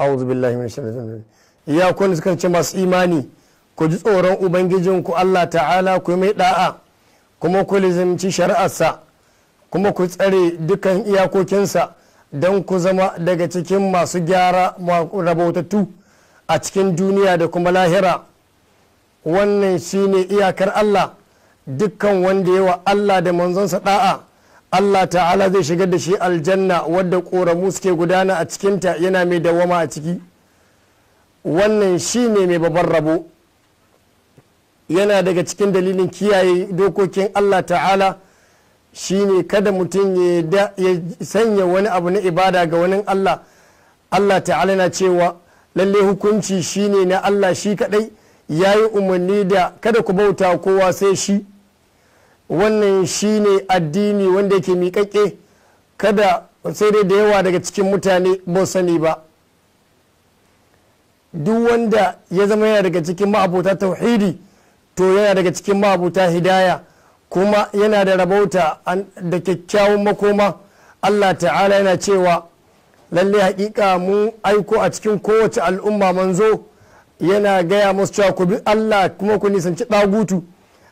a'udhu billahi minash shaitanir ya suka ce masu imani ku ji tsoron ubangijin ku Allah ta'ala ku mai da'a kuma ku lizimci shari'arsa kuma ku tsare dukan iyakokinsa don ku zama daga cikin masu gyara rabautattu a cikin duniya da kuma lahira wannan shine iyakar Allah dukkan wanda yawa Allah da manzonsa da'a Allah ta'ala zai shigar da shi aljanna wadda ƙoramu suke gudana a cikinta yana mai dawama a ciki wannan shi ne mai babban rabo yana daga cikin dalilin kiyaye dokokin Allah ta'ala shi ne kada mutum ya sanya wani abu na ibada ga wani Allah Allah ta'ala na cewa lalle hukunci shi ne na Allah shi kadai ya yi umarni da kada ku bauta kowa sai shi wannan shi ne addini wanda yake miƙaƙe kada sai dai da yawa daga cikin mutane ba sani ba duk wanda ya zama yana daga cikin ma'abuta tauhidi to yana daga cikin ma'abuta hidaya kuma yana da rabauta da kyakkyawan makoma allah ta'ala yana cewa lalle hakika mu aiko a cikin kowace al'umma manzo yana gaya musu cewa ku bi allah kuma ku nisanci ɗagutu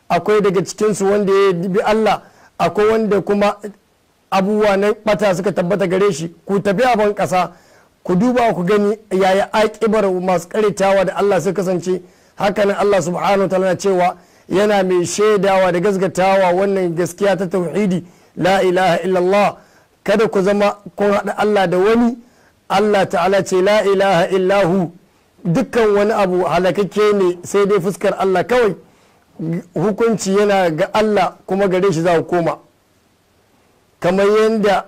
akwai daga cikinsu wanda ya bi Allah akwai wanda kuma abubuwa na bata suka tabbata gare shi ku tafi a ban ƙasa ku duba ku gani yaya aƙibar masu karitawa da Allah sai kasance hakanan Allah subhanahu wa ta'ala cewa yana mai shaidawa da gasgatawa wannan gaskiya ta tauhidi la ilaha illallah kada ku zama kun haɗa Allah da wani Allah ta'ala ce la ilaha illahu dukkan wani abu halakakke ne sai dai fuskar Allah kawai hukunci yana ga Allah kuma gare shi za ku koma kamar yadda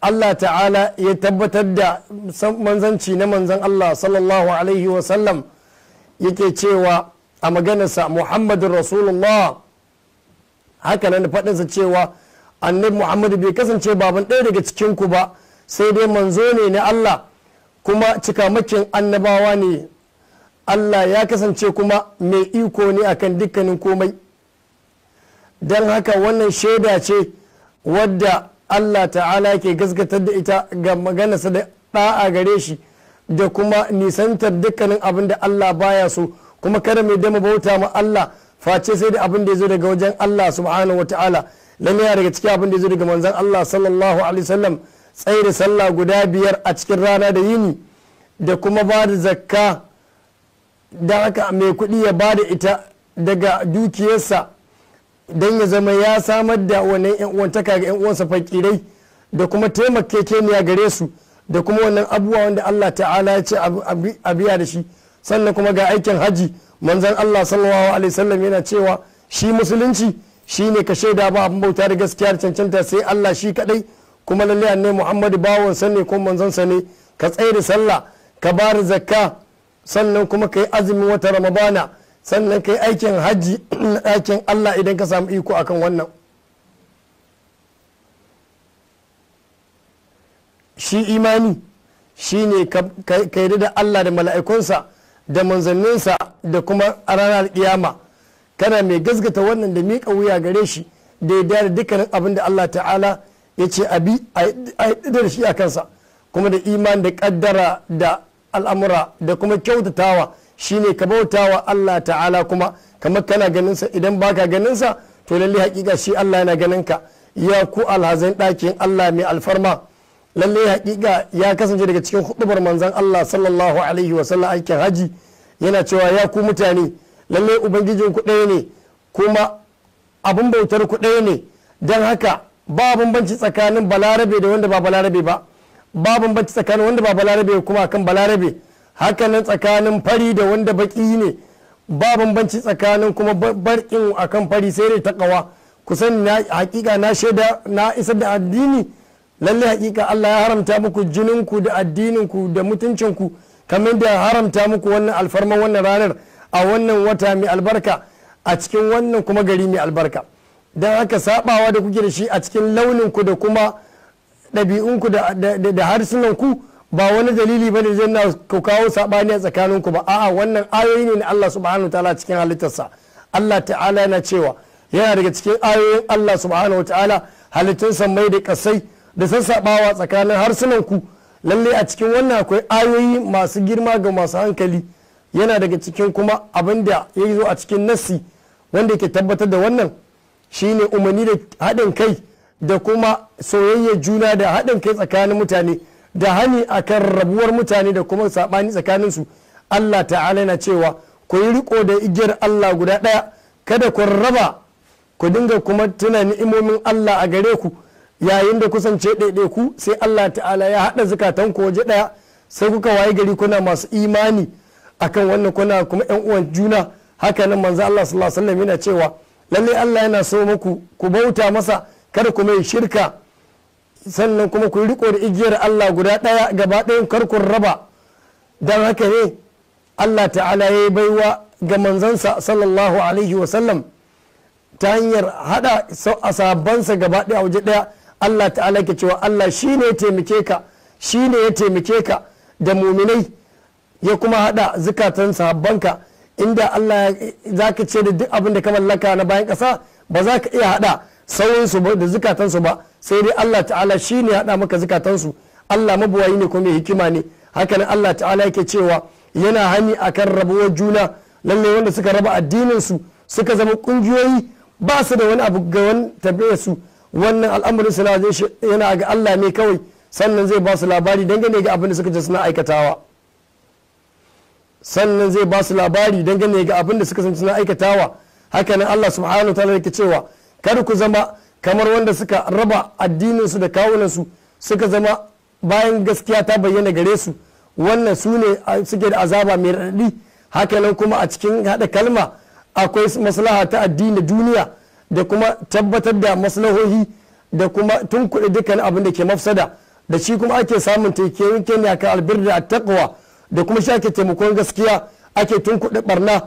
Allah ta'ala ya tabbatar da manzanci na manzan Allah sallallahu alaihi wasallam yake cewa a maganarsa Muhammadun Rasulullah haka nan faɗinsa cewa annabi Muhammadu bai kasance baban ɗaya daga cikin ku ba sai dai manzo ne na Allah kuma cikamakin annabawa ne Allah ya kasance kuma mai iko ne akan dukkanin komai don haka wannan shaida ce wadda Allah ta'ala ke gaskatar da ita ga maganarsa da ɗa'a gare shi da kuma nisantar dukkanin abin da Allah baya so kuma kada mai dama bauta ma Allah face sai da abin da ya zo daga wajen Allah subhanahu wa ta'ala lamiya daga cikin abin da ya zo daga manzon Allah sallallahu alaihi wasallam tsaye da sallah guda biyar a cikin rana da yini da kuma ba da zakka da haka mai kuɗi ya ba da ita daga dukiyarsa don ya zama ya samar da wannan yan uwantaka ga yan uwansa fakirai da kuma taimake taimakekeniya gare su da kuma wannan abubuwa wanda Allah ta'ala ya ce a biya da shi sannan kuma ga aikin haji manzon Allah sallallahu alaihi wasallam yana cewa shi musulunci shi ne ka shaida ba abin bauta da gaskiya da cancanta sai Allah shi kadai kuma lalle ne Muhammadu bawon ne ko manzon ne ka tsaye da sallah ka bar zakka sannan kuma ka yi azumin wata ramadana sannan ka yi aikin hajji na aikin allah idan ka samu iko akan wannan shi imani shi ne ka yi da allah da mala'ikunsa da manzanninsa da kuma a ranar kiyama kana mai gasgata wannan da miƙa wuya gare shi da ya da dukkanin abin da allah ta'ala ya ce abi a da shi a kansa kuma da iman da ƙaddara da al'amura da kuma kyautatawa shine ka bauta wa Allah ta'ala kuma kamar kana ganinsa idan baka ganinsa to lalle hakika shi Allah yana ganin ka ya ku alhazan ɗakin Allah mai alfarma lalle hakika ya kasance daga cikin hudubar manzan Allah sallallahu alaihi wa sallam aikin haji yana cewa ya ku mutane lalle ubangijin ku ɗaya ne kuma abin bautar ku ɗaya ne don haka ba bambanci tsakanin balarabe da wanda ba balarabe ba ba bambanci tsakanin wanda ba balarabe kuma akan balarabe hakanan tsakanin fari da wanda baki ne ba bambanci tsakanin kuma barkin akan fari sai dai takawa kusan na hakika na shaida na isa da addini lalle hakika Allah ya haramta muku jinin ku da addinin ku da mutuncin ku kamar da haramta muku wannan alfarma wannan ranar a wannan wata mai albarka a cikin wannan kuma gari mai albarka dan haka sabawa da kuke da shi a cikin launin ku da kuma ɗabi'unku da harsunanku ba wani dalili ba ne zai na ku kawo saɓani a tsakaninku ba a'a wannan ayoyi ne na Allah subhanahu ta'ala cikin halittarsa Allah ta'ala yana cewa yana daga cikin ayoyin Allah subhanahu ta'ala halittun mai da kasai da sassaɓawa tsakanin harsunanku lallai a cikin wannan akwai ayoyi masu girma ga masu hankali yana daga cikin kuma abin da ya zo a cikin nassi wanda ke tabbatar da wannan shine umarni da haɗin kai da kuma soyayya juna da haɗin kai tsakanin mutane da hani a kan rabuwar mutane da kuma saɓani tsakaninsu allah ta'ala yana cewa ku yi riko da igiyar allah guda ɗaya kada ku raba ku dinga kuma tuna ni'imomin allah a gare ku yayin da kusance ku sai allah ta'ala ya haɗa ku waje ɗaya sai kuka waye gari kuna masu imani akan wannan kuna kuma yan uwan juna haka nan manzo allah sallallahu alaihi wasallam yana cewa lalle allah yana so muku ku bauta masa kada kuma yi shirka sannan kuma ku riko da igiyar Allah guda ɗaya gaba ɗayan karkun raba don haka ne Allah ta'ala ya yi baiwa ga manzansa sallallahu alaihi wasallam ta hanyar hada sabansa gaba ɗaya waje ɗaya Allah ta'ala ke cewa Allah shi ne ya taimake ka shi ne ya taimake ka da muminai ya kuma haɗa zukatan sahabbanka inda Allah za ka ce da duk abin da ka mallaka na bayan ƙasa ba za ka iya haɗa. saurinsu ba da zukatansu ba sai dai Allah ta'ala shi ne haɗa maka zukatansu Allah mabuwayi ne kuma hikima ne hakanan Allah ta'ala yake cewa yana hani akan rabuwar juna lalle wanda suka raba addinin su suka zama kungiyoyi ba su da wani abu ga wani tabbaya su wannan al'amarin su yana ga Allah ne kawai sannan zai ba su labari dangane ga abin da suka je suna aikatawa sannan zai ba su labari dangane ga abin da suka san suna aikatawa hakanan Allah subhanahu wa ta'ala yake cewa kada ku zama kamar wanda suka raba addininsu da kawunansu suka zama bayan gaskiya ta bayyana gare su wannan su ne suke da azaba mai raɗaɗi hakanan kuma a cikin haɗa kalma akwai maslaha ta addini duniya da kuma tabbatar da maslahohi da kuma tun kuɗi dukkan abin da ke mafsada da shi kuma ake samun taimakon ne akan albir da taqwa da kuma shi ake taimakon gaskiya ake kuɗi barna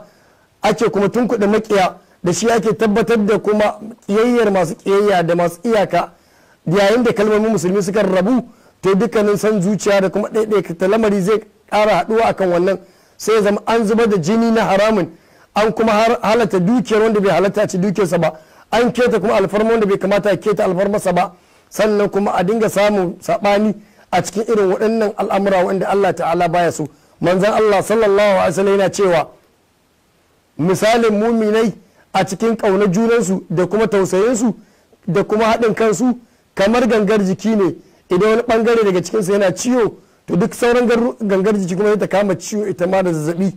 ake kuma tunkuɗe makiya da shi ake tabbatar da kuma kiyayyar masu kiyayya da masu iyaka yayin da kalmomin musulmi suka rabu to dukkanin san zuciya da kuma ta lamari zai ƙara haɗuwa akan wannan sai zama an zubar da jini na haramun an kuma halatta dukiyar wanda bai halatta ci dukiyarsa ba an keta kuma alfarma wanda bai kamata a keta alfarmarsa ba sannan kuma a dinga samun saɓani a cikin irin waɗannan al'amura wanda Allah ta'ala baya so manzan Allah sallallahu alaihi wasallam yana cewa misalin muminai a cikin ƙaunar junansu da kuma tausayinsu da kuma haɗin kansu kamar gangar jiki ne idan wani ɓangare daga cikinsu yana ciwo to duk sauran gangar jiki kuma ta kama ciwo ita ma da zazzaɓi.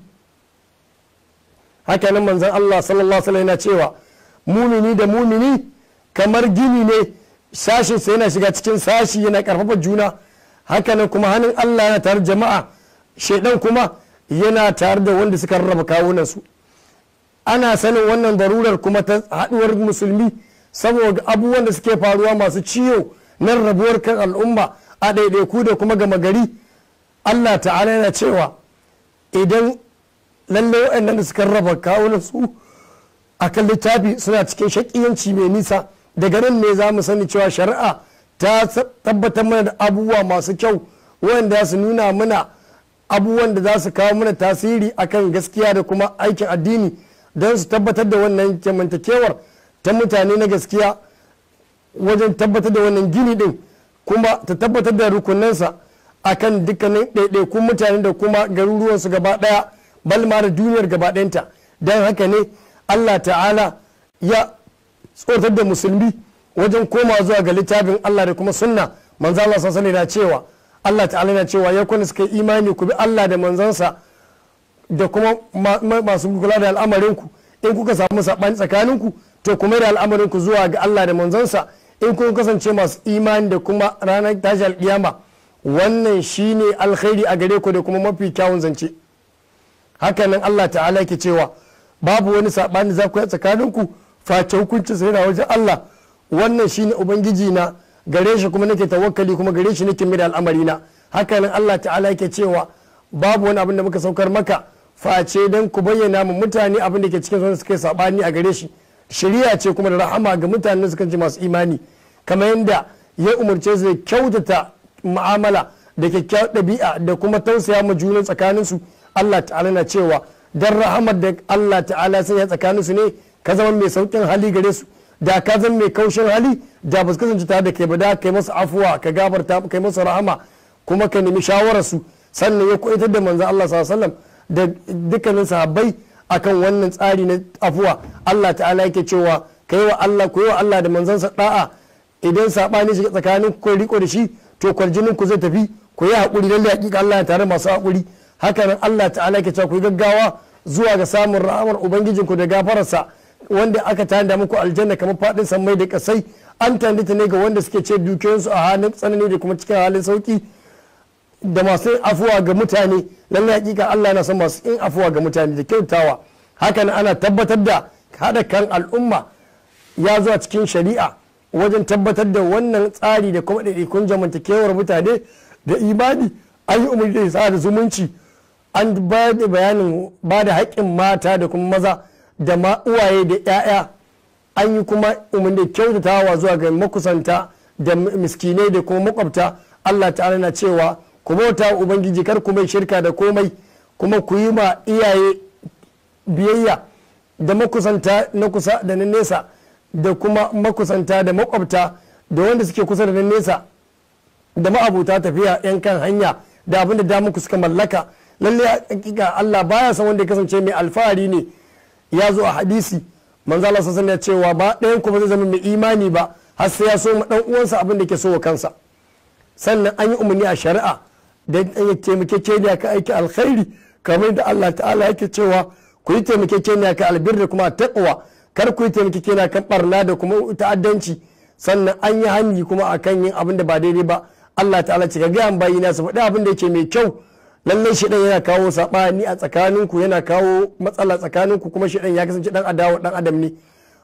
haka nan manzon Allah sallallahu alaihi yana cewa mumini da mumini kamar gini ne sashin yana shiga cikin sashi yana karfafa juna haka nan kuma hannun Allah yana tare jama'a shaidan kuma yana tare da wanda suka rarraba kawunansu su ana sanin wannan darurar kuma ta haɗuwar musulmi saboda abubuwan da suke faruwa masu ciwo na rabuwar kan al'umma a ɗaiɗaiku da kuma gama gari allah ta'ala yana cewa idan lallai waɗannan da suka raba kawunan su a kan littafi suna cikin shaƙiyanci mai nisa daga nan ne za mu sani cewa shari'a ta tabbatar mana da abubuwa masu kyau wanda su nuna mana abubuwan da za su kawo mana tasiri akan gaskiya da kuma aikin addini don su tabbatar da wannan kyamantakewar ta mutane na gaskiya wajen tabbatar da wannan gini din kuma ta tabbatar da rukunansa kan dukkanin ɗaiɗaikun mutane da kuma garuruwansu gaba ɗaya balma da duniyar gaba ɗayanta don haka ne allah ta'ala ya tsotar da musulmi wajen koma zuwa ga littafin allah da kuma sunna manzana allah na cewa allah ta'ala na cewa ya kuna suka imani ku bi allah da manzansa da kuma masu kula da al'amarinku in kuka samu saɓani tsakaninku to kuma da al'amarinku zuwa ga Allah da manzansa in kun kasance masu imani da kuma ranar tashi alƙiyama wannan shine alkhairi a gare ku da kuma mafi kyawun zance hakanan Allah ta'ala ke cewa babu wani saɓani za ku yi tsakaninku face hukuncin sai na wajen Allah wannan shine ubangiji na gare shi kuma nake tawakkali kuma gare shi nake mai da al'amarina hakanan Allah ta'ala ke cewa babu wani abin da muka saukar maka face don ku bayyana mu mutane abin da ke cikin zuwa suka sabani a gare shi shari'a ce kuma da rahama ga mutanen da suka ji masu imani kamar yadda ya umarce su kyautata mu'amala da kyakkyawar ɗabi'a da kuma tausaya ma juna tsakanin su Allah ta'ala na cewa dan rahamar da Allah ta'ala sun ya tsakanin su ne ka zama mai saukin hali gare su da ka zama mai kaushin hali da ba su kasance tare da kai ba da kai masu afuwa ka gafarta kai masu rahama kuma ka nemi shawararsu. su sannan ya koyatar da manzan Allah sallallahu da dukkanin sahabbai akan wannan tsari na afuwa Allah ta'ala yake cewa kai wa Allah ku wa Allah da sa da'a idan sabani shiga tsakanin ku riko da shi to kwarjinin ku zai tafi ku yi hakuri lalle hakika Allah ya tare masu hakuri nan Allah ta'ala yake cewa ku yi gaggawa zuwa ga samun ra'amar ubangijinku da gafararsa wanda aka tanda muku aljanna kamar fadin sammai da kasai an tanda ta ne ga wanda suke ce dukiyoyinsu a halin tsanani da kuma cikin halin sauki da masu afuwa ga mutane lalle hakika Allah na son masu yin afuwa ga mutane da kyautawa hakan ana tabbatar da haɗa kan al'umma ya zuwa cikin shari'a wajen tabbatar da wannan tsari da kuma ɗaiɗaikun jamantakewar mutane da imani an yi umarni da da zumunci an ba da bayanin ba da haƙƙin mata da kuma maza da ma uwaye da 'ya'ya an yi kuma umarni da kyautatawa zuwa ga makusanta da miskinai da kuma makwabta Allah ta'ala na cewa ku bauta ubangiji kar ku mai shirka da komai kuma ku yi ma iyaye biyayya da makusanta na kusa da na nesa da kuma makusanta da makwabta da wanda suke kusa da na nesa da ma'abuta tafiya yan kan hanya da abin da ku suka mallaka lallai hakika Allah baya san wanda ya kasance mai alfahari ne ya zo a hadisi manzo Allah sallallahu alaihi cewa ba ɗayan ku ba zai zama mai imani ba har sai ya so ma dan uwansa abin da ke so wa kansa sannan an yi umarni a shari'a don ya taimakekeniya ka aiki alkhairi kamar da Allah ta'ala yake cewa ku yi taimakekeniya ka albir da kuma taƙwa kar ku yi taimakekeniya kan ɓarna da kuma ta'addanci sannan an yi hanyi kuma kan yin abin da ba daidai ba Allah ta'ala ce ka gaya bayyana su faɗi abin da yake mai kyau lallai shi yana kawo saɓani a tsakaninku yana kawo matsala tsakaninku kuma shi ya kasance ɗan adawa ɗan adam ne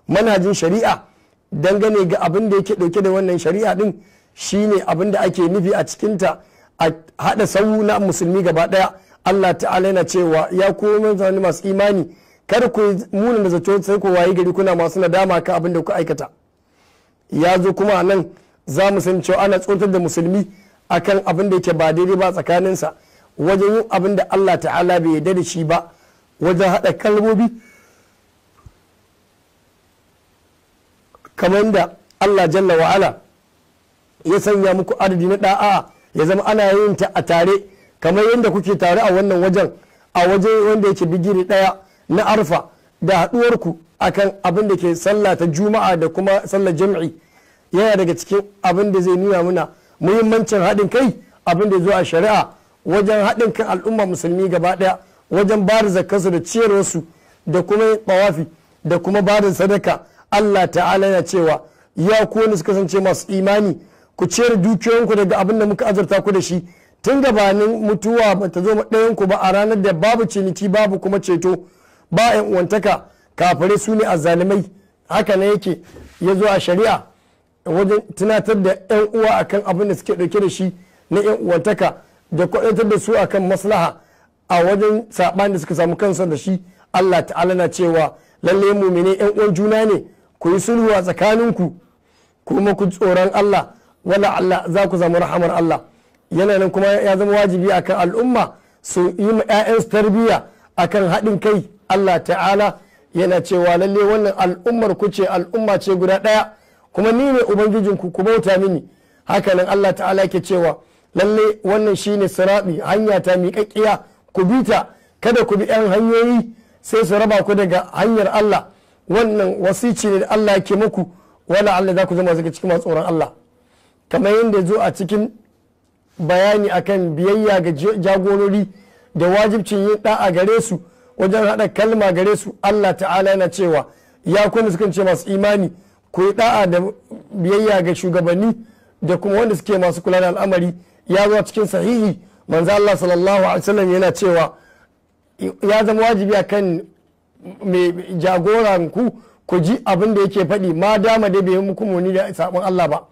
manajin shari'a dangane ga abin da yake ɗauke da wannan shari'a ɗin shine abin da ake nufi a cikinta a haɗa sau na musulmi gaba ɗaya Allah ta'ala yana cewa ya kuma zane masu imani kar ku munin da zato sai ku wayi gari kuna masu nadama ka abin da ku aikata ya zo kuma a nan za mu san cewa ana tsotar da musulmi akan abin da yake ba daidai ba tsakaninsa wajen yin abin da Allah ta'ala bai yarda da shi ba wajen haɗa kalmobi kamar da Allah jalla wa'ala ya sanya muku adadi na da'a ya zama ana yin ta a tare kamar yadda kuke tare a wannan wajen a waje wanda yake bigiri daya na arfa da haduwarku akan abin da ke sallah ta juma'a da kuma sallar jam'i yana daga cikin abin da zai nuna muna muhimmancin haɗin kai abin da zuwa shari'a wajen haɗin kan al'umma musulmi gaba ɗaya wajen ba da zakkansu da ciyarwarsu da kuma ɓawafi da kuma bada sadaka allah ta'ala yana cewa ya suka wani su kasance masu imani ku ciyar dukiyoyinku daga abin da muka azurta ku da shi tun gabanin mutuwa ba ta zo ɗayanku ku ba a ranar da babu ciniki babu kuma ceto ba yan uwantaka kafare su ne a zalimai haka ne yake ya zo a shari'a wajen tunatar da yan uwa akan abin da suke ɗauke da shi na yan uwantaka da kwadantar da su akan maslaha a wajen saɓani da suka samu kansa da shi Allah ta'ala na cewa lalle mene yan uwan juna ne ku yi sulhu a tsakaninku kuma ku tsoron Allah wala Allah za ku zama rahamar Allah yana kuma ya zama wajibi akan al'umma su yi ma 'ya'yansu tarbiyya akan haɗin kai Allah ta'ala yana cewa lalle wannan al'ummar ku ce al'umma ce guda ɗaya kuma ni ne ubangijin ku ku bauta mini haka nan Allah ta'ala ke cewa lalle wannan shine sirabi hanya ta miƙaƙƙiya ku bi ta kada ku bi ɗan hanyoyi sai su raba ku daga hanyar Allah wannan wasici ne da Allah ke muku wala Allah za ku zama daga cikin masu tsoron Allah kamar yadda zo a cikin bayani akan biyayya ga jagorori da wajibcin yin da'a gare su wajen haɗa kalma gare su Allah ta'ala yana cewa ya kuma sukan ce masu imani ku yi da'a da biyayya ga shugabanni da kuma wanda suke masu kula da al'amari ya zo cikin sahihi manzo Allah sallallahu alaihi wasallam yana cewa ya zama wajibi akan mai jagoran ku ji abin da yake faɗi ma dama dai bai muku muni da sabon Allah ba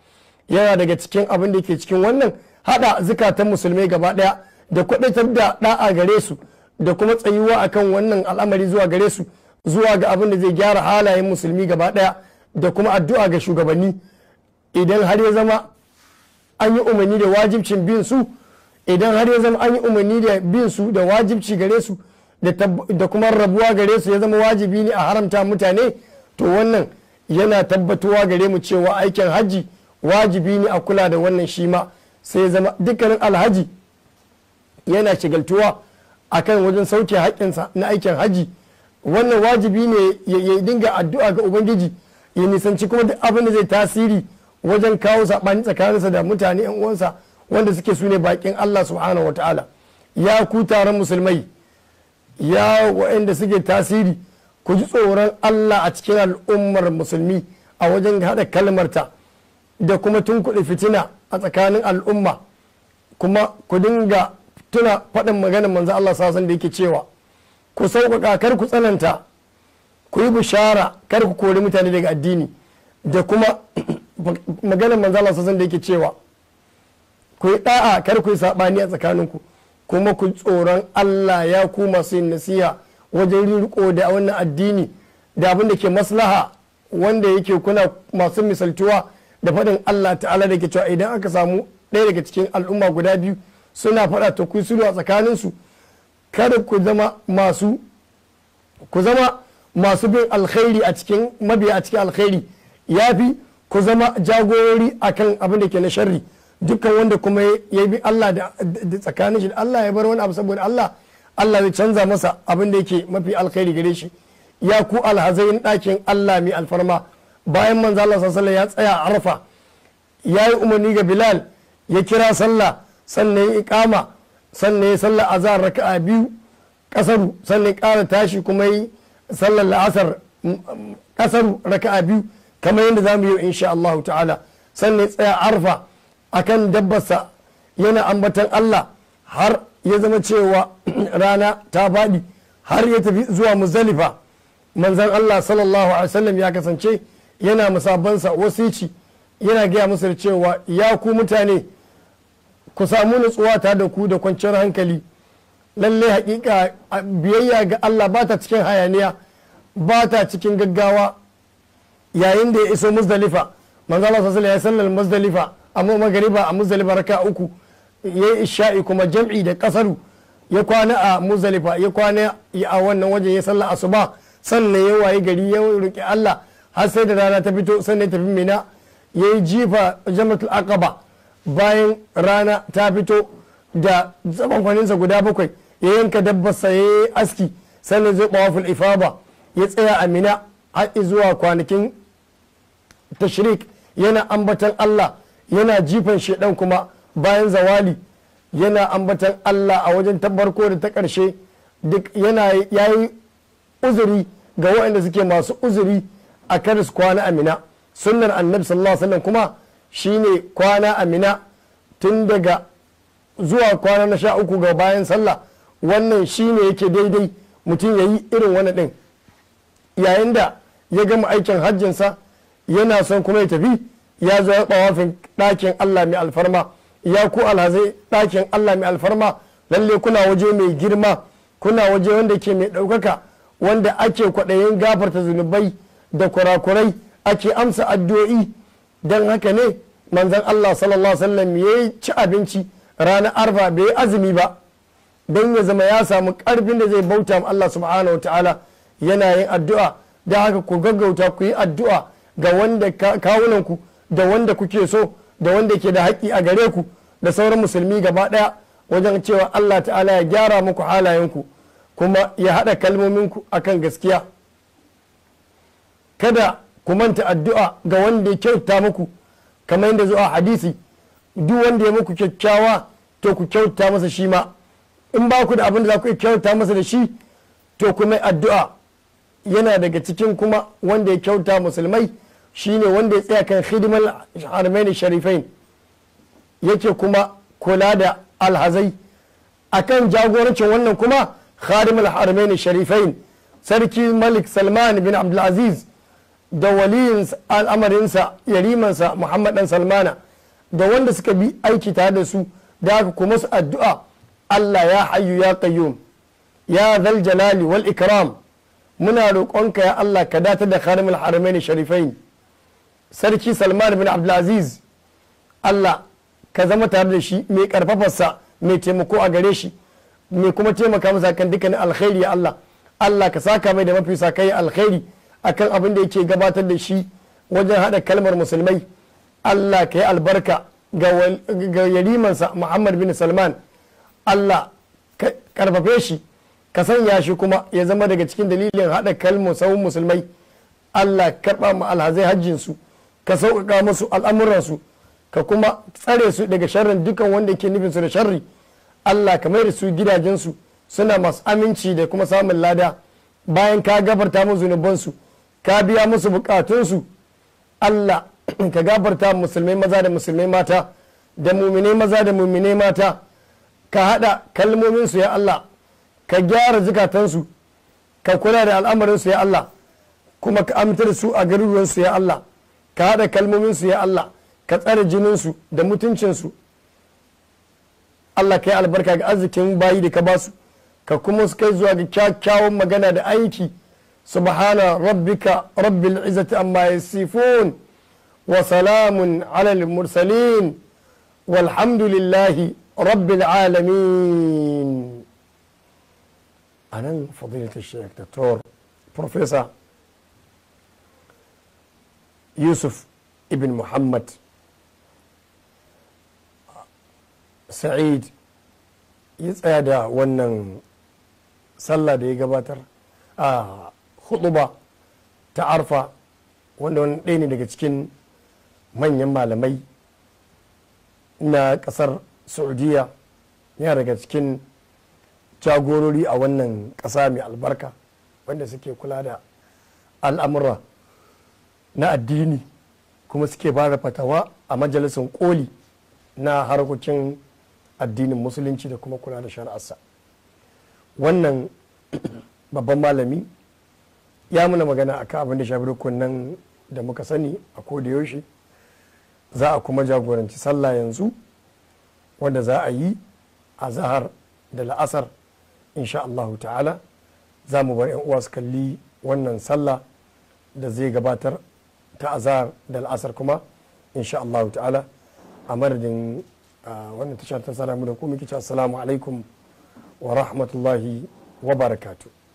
yana daga cikin abin da ke cikin wannan hada zukatan musulmai gaba daya da kwadatar da da'a gare su da kuma tsayuwa akan wannan al'amari zuwa gare su zuwa ga abin da zai gyara halayen musulmi gaba daya da kuma addu'a ga shugabanni idan har ya zama an yi umarni da wajibcin bin su idan har ya zama an yi umarni da bin su da wajibci gare su da kuma rabuwa gare su ya zama wajibi ne a haramta mutane to wannan yana tabbatuwa gare mu cewa aikin hajji wajibi ne a kula da wannan shi ma sai zama dukkanin alhaji yana shigaltuwa a kan wajen sauke haƙƙinsa na aikin haji wannan wajibi ne ya dinga addu'a ga ubangiji ya nisanci kuma duk abin da zai tasiri wajen kawo saɓani tsakaninsa da mutane yan uwansa wanda suke su ne bakin Allah subhanahu wa ta'ala ya ku taron musulmai ya waɗanda suke tasiri ku ji tsoron Allah a cikin al'ummar musulmi a wajen haɗa kalmarta da kuma tun kuɗi fitina a tsakanin al'umma kuma ku dinga tuna faɗin maganin manzo Allah sasan da yake cewa ku sauƙaƙa kar ku tsananta ku yi bishara kar ku kori mutane daga addini da kuma maganar manzo Allah sasan da yake cewa ku yi ɗa'a kar ku yi saɓani a tsakaninku kuma ku tsoron Allah ya ku masu yin nasiha wajen riko da wannan addini da abin da ke maslaha wanda yake kuna masu misaltuwa da faɗin Allah ta'ala da ke cewa idan aka samu ɗaya daga cikin al'umma guda biyu suna faɗa to ku sulhu a tsakaninsu kada ku zama masu ku zama masu bin alkhairi a cikin mabiya a cikin alkhairi fi ku zama jagorori akan abin da ke na sharri dukkan wanda kuma ya bi Allah da tsakanin shi da Allah ya bar wani abu saboda Allah Allah zai canza masa abin da yake mafi alkhairi gare shi ya ku alhazain ɗakin Allah mai alfarma bayan manzo Allah sallallahu ya tsaya a Arfa ya umarni ga Bilal ya kira sallah sannan ya ikama sannan ya sallah azhar raka'a biyu kasaru sannan ƙara tashi kuma yi sallar la'asar mm, mm, kasaru raka'a biyu kamar yadda zamu yi insha Allah ta'ala sannan ya tsaya Arfa akan dabbarsa yana ambatan Allah har ya zama cewa rana ta faɗi har ya tafi zuwa muzalifa manzan Allah sallallahu alaihi wasallam ya kasance yana musabansa yaci yana gaya musu da cewa ya ku mutane ku samu nutsuwa ta da ku da kwanciyar hankali lalle hakika biyayya ga Allah ba ta cikin hayaniya ba ta cikin gaggawa yayin da ya iso muzdalifa manzala Allah ya sallar wasallam muzdalifa amma magariba a muzdalifa raka uku ya isha'i kuma jam'i da kasaru ya kwana a muzdalifa ya kwana a wannan wajen ya sallar asuba sannan ya wayi gari ya roki Allah har sai da rana ta fito sannan tafi mina ya yi jifa jamatul akaba bayan rana ta fito da kwaninsa guda bakwai ya yanka dabbarsa ya yi aski sannan zai ɓawaful ifaba ya tsaya a mina har zuwa kwanakin tashrik yana ambatan allah yana jifan shaidan kuma bayan zawali yana ambatan allah a wajen tabbarko da ta ƙarshe duk yana yayi uzuri ga waɗanda suke masu uzuri a karas kwana amina sunnar annabi sallallahu alaihi wasallam kuma shine kwana amina tun daga zuwa kwana na sha uku ga bayan sallah wannan shine yake daidai mutum ya yi irin wani din yayin da ya gama aikin hajjinsa yana son kuma ya tafi ya zo ya tsawafin ɗakin allah mai alfarma ya ku alhazai ɗakin allah mai alfarma lalle kuna waje mai girma kuna waje wanda ke mai ɗaukaka wanda ake kwaɗayin gafarta zunubai da kurakurai ake amsa addu'o'i don haka ne manzan Allah sallallahu wasallam ya ci abinci ranar arba bai yi azumi ba don ya zama ya samu karfin da zai bauta ma Allah subhanahu wa ta'ala yana yin addu'a da haka ku gaggauta ku yi addu'a ga wanda kawunanku da wanda kuke so da wanda ke da haƙƙi a gare ku da sauran musulmi gaba ɗaya wajen cewa Allah ta'ala ya gyara muku halayenku kuma ya haɗa kalmomin ku akan gaskiya kada ku manta addu'a ga wanda ya kyauta muku kamar yadda zuwa hadisi duk wanda ya muku kyakkyawa to ku kyauta masa shi ma in ba ku da abin da za ku iya kyauta masa da shi to ku mai addu'a yana daga cikin kuma wanda ya kyauta musulmai shine wanda ya tsaya kan hidimar harmaini sharifain yake kuma kula da alhazai akan jagorancin wannan kuma khadimul harmaini sharifain sarki malik salman bin abdulaziz da waliyin al'amarinsa yarimansa muhammad dan salmana da wanda suka bi aiki tare da su da aka kuma su addu'a allah ya hayu ya qayyum ya zal jalali wal ikram muna roƙonka ya allah ka data da kharimul haramain sharifain sarki salman bin abdulaziz allah ka zama tare da shi mai karfafarsa mai taimako a gare shi mai kuma taimaka masa kan dukkanin alkhairi ya allah allah ka saka mai da mafi sakai alkhairi a kan abin da yake gabatar da shi wajen hada kalmar musulmai Allah ka yi albarka ga yarimansa Muhammad bin Salman Allah ka karfafe shi ka sanya shi kuma ya zama daga cikin dalilin hada kalmar sauran musulmai Allah karba ma alhazai su ka sauƙaƙa musu al'amuransu ka kuma tsare su daga sharrin dukan wanda ke nufin su da sharri Allah ka mai da su gidajensu suna masu aminci da kuma samun lada bayan ka gabarta mu zunubansu ka biya musu bukatunsu Allah ka gafarta musulmai maza da musulmai mata da mumine maza da mumine mata ka haɗa kalmominsu ya Allah ka gyara zukatansu ka kula da al'amarinsu ya Allah kuma ka amintar su a garuruwansu ya Allah ka haɗa kalmominsu ya Allah ka tsare jininsu da mutuncinsu Allah ka yi albarka ga arzikin bayi da ka basu ka kuma su kai zuwa ga kyakkyawan magana da aiki سبحان ربك رب العزة أما يصفون وسلام على المرسلين والحمد لله رب العالمين أنا فضيلة الشيخ دكتور بروفيسور يوسف ابن محمد سعيد يتسأل ونن صلى دي قباتر آه hutuba ta arfa wanda wani ɗaya ne daga cikin manyan malamai na ƙasar saudiya yana daga cikin jagorori a wannan ƙasa mai albarka wanda suke kula da al'amura na addini kuma suke ba da fatawa a majalisun koli na harkokin addinin musulunci da kuma kula da shari'arsa wannan babban malami ya muna magana kan abin da shafi rukunin da muka sani a da yaushe za a kuma jagoranci sallah yanzu wanda za a yi a zahar da la'asar insha Allahu ta'ala za mu bar uwa su kalli wannan sallah da zai gabatar ta azahar da la'asar kuma insha Allahu ta'ala a madadin wannan tashar ta salamu da kuma kici assalamu alaikum wa rahmatullahi wa barakatuh